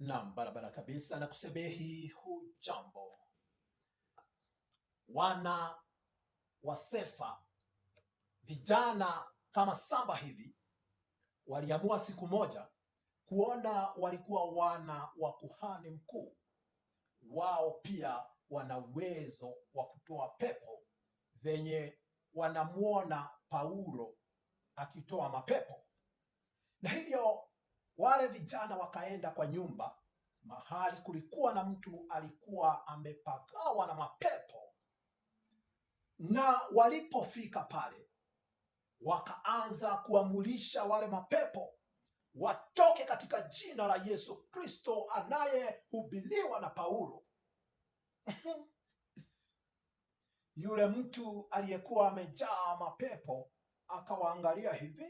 na barabara kabisa na kusebehi. jambo wana wa Sefa, vijana kama saba hivi waliamua siku moja kuona walikuwa wana wa kuhani mkuu, wao pia wana uwezo wa kutoa pepo, venye wanamwona Paulo akitoa mapepo, na hivyo wale vijana wakaenda kwa nyumba mahali kulikuwa na mtu alikuwa amepagawa na mapepo, na walipofika pale wakaanza kuamulisha wale mapepo watoke katika jina la Yesu Kristo anayehubiliwa na Paulo. Yule mtu aliyekuwa amejaa mapepo akawaangalia hivi,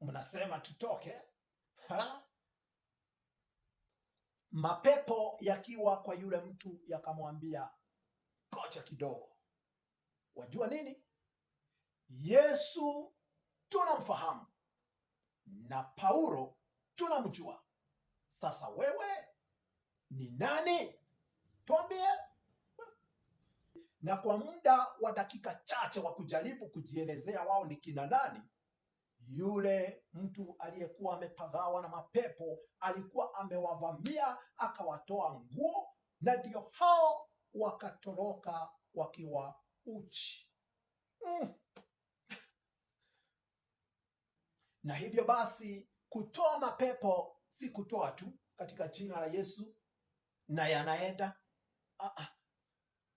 mnasema tutoke? ha? Mapepo yakiwa kwa yule mtu yakamwambia, kocha kidogo. Wajua nini? Yesu tunamfahamu na Paulo tunamjua, sasa wewe ni nani? Tuambie. Na kwa muda wa dakika chache wa kujaribu kujielezea wao ni kina nani, yule mtu aliyekuwa amepagawa na mapepo alikuwa amewavamia akawatoa nguo, na ndio hao wakatoroka wakiwa uchi mm. Na hivyo basi kutoa mapepo si kutoa tu katika jina la Yesu na yanaenda ah,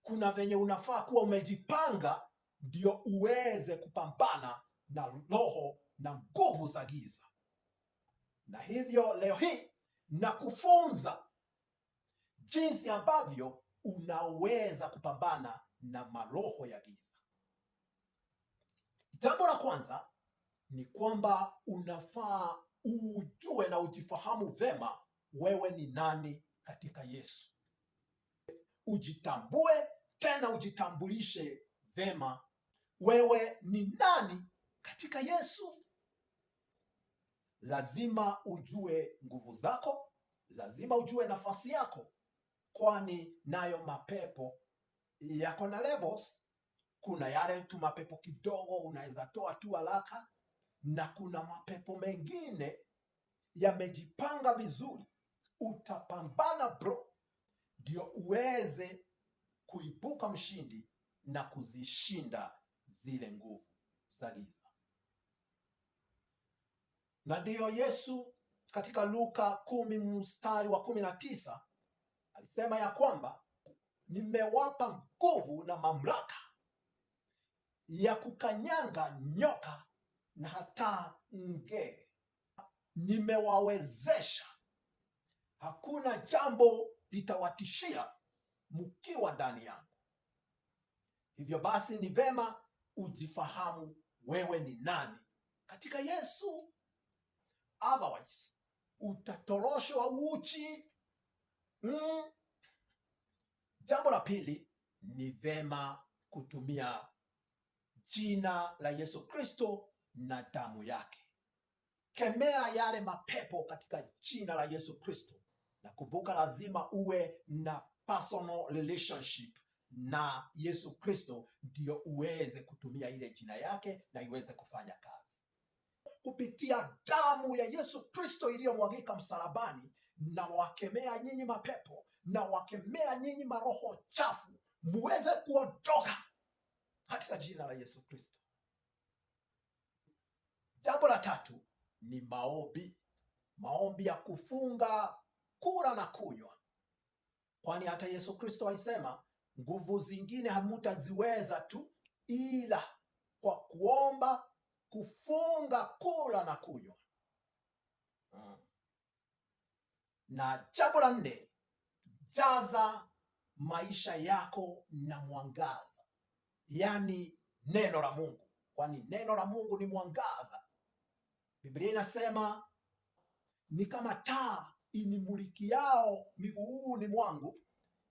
kuna venye unafaa kuwa umejipanga ndio uweze kupambana na roho na nguvu za giza. Na hivyo leo hii na kufunza jinsi ambavyo unaweza kupambana na maroho ya giza. Jambo la kwanza ni kwamba unafaa ujue na ujifahamu vema wewe ni nani katika Yesu. Ujitambue tena ujitambulishe vema wewe ni nani katika Yesu lazima ujue nguvu zako, lazima ujue nafasi yako, kwani nayo mapepo yako na levels. Kuna yale tu mapepo kidogo unaweza toa tu haraka, na kuna mapepo mengine yamejipanga vizuri. Utapambana bro, ndio uweze kuibuka mshindi na kuzishinda zile nguvu za giza. Na ndiyo Yesu katika Luka kumi mstari wa kumi na tisa alisema ya kwamba nimewapa nguvu na mamlaka ya kukanyanga nyoka na hata ngee, nimewawezesha. Hakuna jambo litawatishia mkiwa ndani yangu. Hivyo basi, ni vema ujifahamu wewe ni nani katika Yesu otherwise utatoroshwa uchi. Mm. Jambo la pili ni vema kutumia jina la Yesu Kristo na damu yake. Kemea yale mapepo katika jina la Yesu Kristo, na kumbuka, lazima uwe na personal relationship na Yesu Kristo ndio uweze kutumia ile jina yake na iweze kufanya kazi kupitia damu ya Yesu Kristo iliyomwagika msalabani. wakemea nyinyi mapepo, na wakemea nyinyi maroho chafu, muweze kuondoka katika jina la Yesu Kristo. Jambo la tatu ni maombi, maombi ya kufunga kula na kunywa, kwani hata Yesu Kristo alisema nguvu zingine hamutaziweza tu ila kwa kuomba kufunga kula na kunywa. Mm. Na jambo la nne, jaza maisha yako na mwangaza, yaani neno la Mungu, kwani neno la Mungu ni mwangaza. Biblia inasema ni kama taa inimulikiao miguuni mwangu,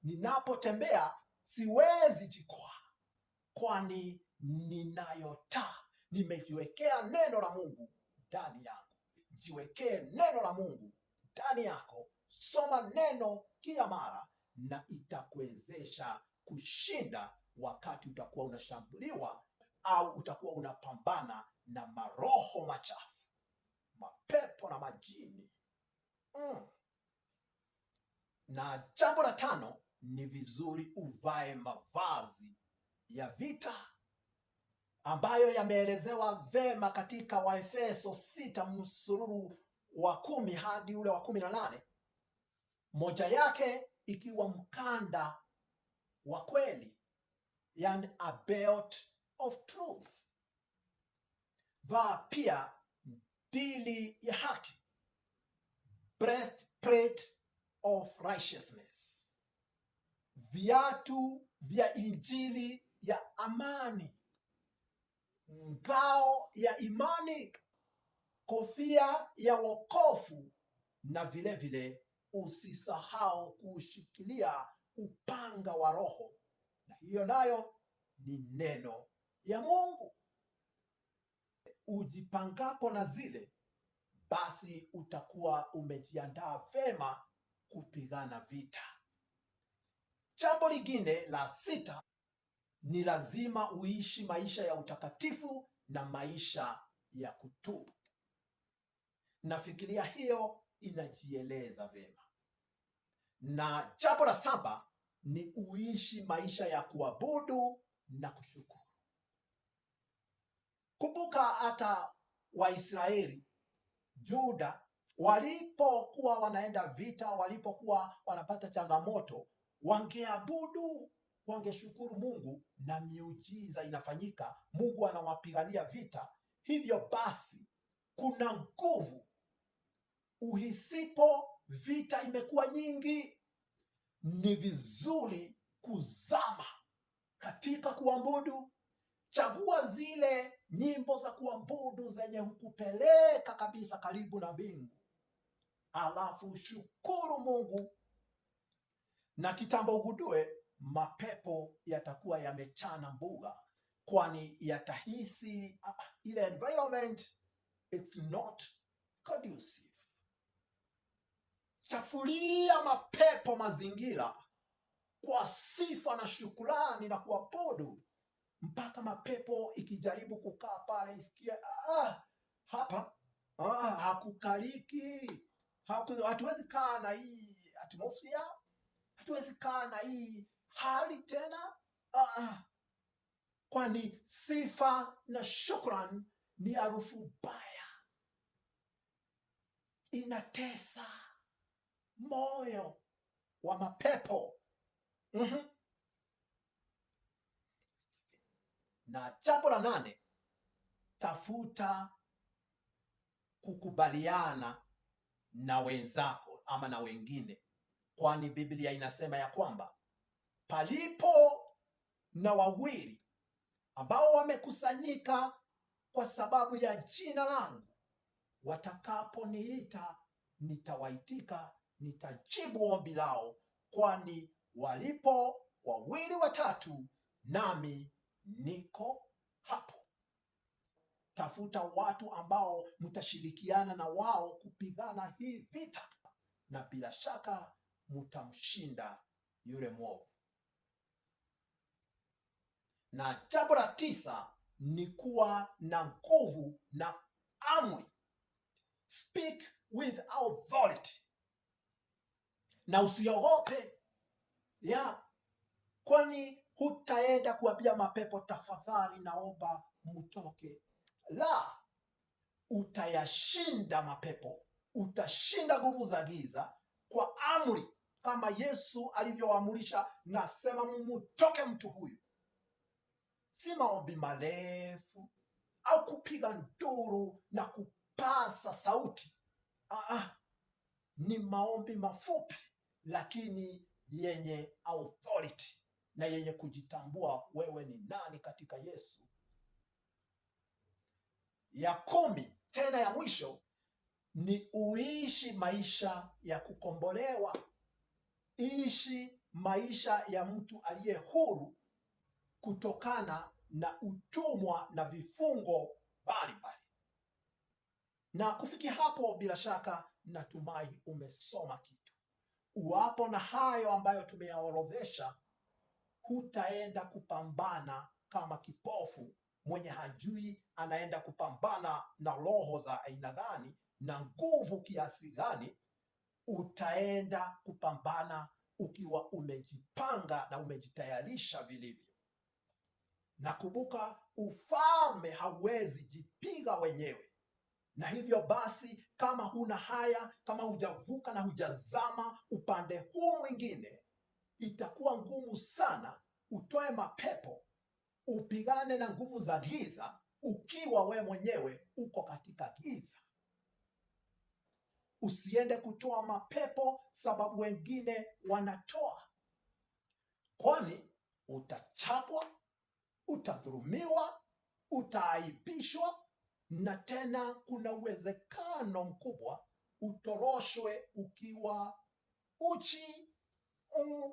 ninapotembea siwezi jikwaa, kwani ninayo taa nimejiwekea neno la Mungu ndani yangu. Jiwekee neno la Mungu ndani yako, soma neno kila mara, na itakuwezesha kushinda wakati utakuwa unashambuliwa au utakuwa unapambana na maroho machafu, mapepo na majini mm. Na jambo la tano, ni vizuri uvae mavazi ya vita ambayo yameelezewa vema katika Waefeso sita msururu wa kumi hadi ule wa kumi na nane moja yake ikiwa mkanda wa kweli, yani a belt of truth. Vaa pia dili ya haki, breastplate of righteousness, viatu vya injili ya amani ngao ya imani, kofia ya wokovu, na vilevile vile, usisahau kuushikilia upanga wa Roho, na hiyo nayo ni neno ya Mungu. Ujipangapo na zile basi utakuwa umejiandaa vema kupigana vita. Jambo lingine la sita ni lazima uishi maisha ya utakatifu na maisha ya kutubu. Nafikiria hiyo inajieleza vyema. Na jambo la saba ni uishi maisha ya kuabudu na kushukuru. Kumbuka hata Waisraeli Juda walipokuwa wanaenda vita, walipokuwa wanapata changamoto, wangeabudu wangeshukuru Mungu na miujiza inafanyika, Mungu anawapigania vita. Hivyo basi kuna nguvu uhisipo vita imekuwa nyingi, ni vizuri kuzama katika kuabudu. Chagua zile nyimbo za kuabudu zenye hukupeleka kabisa karibu na mbingu, alafu shukuru Mungu na kitambo ugudue mapepo yatakuwa yamechana mbuga, kwani yatahisi uh, ile environment it's not conducive. Chafulia mapepo mazingira kwa sifa na shukrani na kuabudu, mpaka mapepo ikijaribu kukaa pale isikie ah, hapa ah, hakukaliki haku, hatuwezi kaa na hii atmosphere, hatuwezi kaa na hii hali tena uh, kwani sifa na shukran ni harufu mbaya, inatesa moyo wa mapepo mm -hmm. Na jambo la nane, tafuta kukubaliana na wenzako ama na wengine, kwani Biblia inasema ya kwamba palipo na wawili ambao wamekusanyika kwa sababu ya jina langu, watakaponiita nitawaitika, nitajibu ombi lao, kwani walipo wawili watatu, nami niko hapo. Tafuta watu ambao mtashirikiana na wao kupigana hii vita, na bila shaka mtamshinda yule mwovu. Na jambo la tisa ni kuwa na nguvu na amri, speak with authority, na usiogope ya kwani hutaenda kuambia mapepo tafadhali, naomba mtoke. La, utayashinda mapepo, utashinda nguvu za giza kwa amri, kama Yesu alivyoamrisha, nasema mumutoke mtu huyu si maombi marefu au kupiga nduru na kupasa sauti. ah, ni maombi mafupi lakini yenye authority na yenye kujitambua wewe ni nani katika Yesu. Ya kumi tena ya mwisho ni uishi maisha ya kukombolewa. Ishi maisha ya mtu aliye huru kutokana na utumwa na vifungo mbalimbali. Na kufikia hapo, bila shaka natumai umesoma kitu. Uwapo na hayo ambayo tumeyaorodhesha, hutaenda kupambana kama kipofu mwenye hajui anaenda kupambana na roho za aina gani na nguvu kiasi gani. Utaenda kupambana ukiwa umejipanga na umejitayarisha vilivyo na kumbuka, ufalme hauwezi jipiga wenyewe. Na hivyo basi, kama huna haya, kama hujavuka na hujazama upande huu mwingine, itakuwa ngumu sana utoe mapepo, upigane na nguvu za giza, ukiwa we mwenyewe uko katika giza. Usiende kutoa mapepo sababu wengine wanatoa, kwani utachapwa utadhulumiwa, utaaibishwa, na tena kuna uwezekano mkubwa utoroshwe ukiwa uchi mm.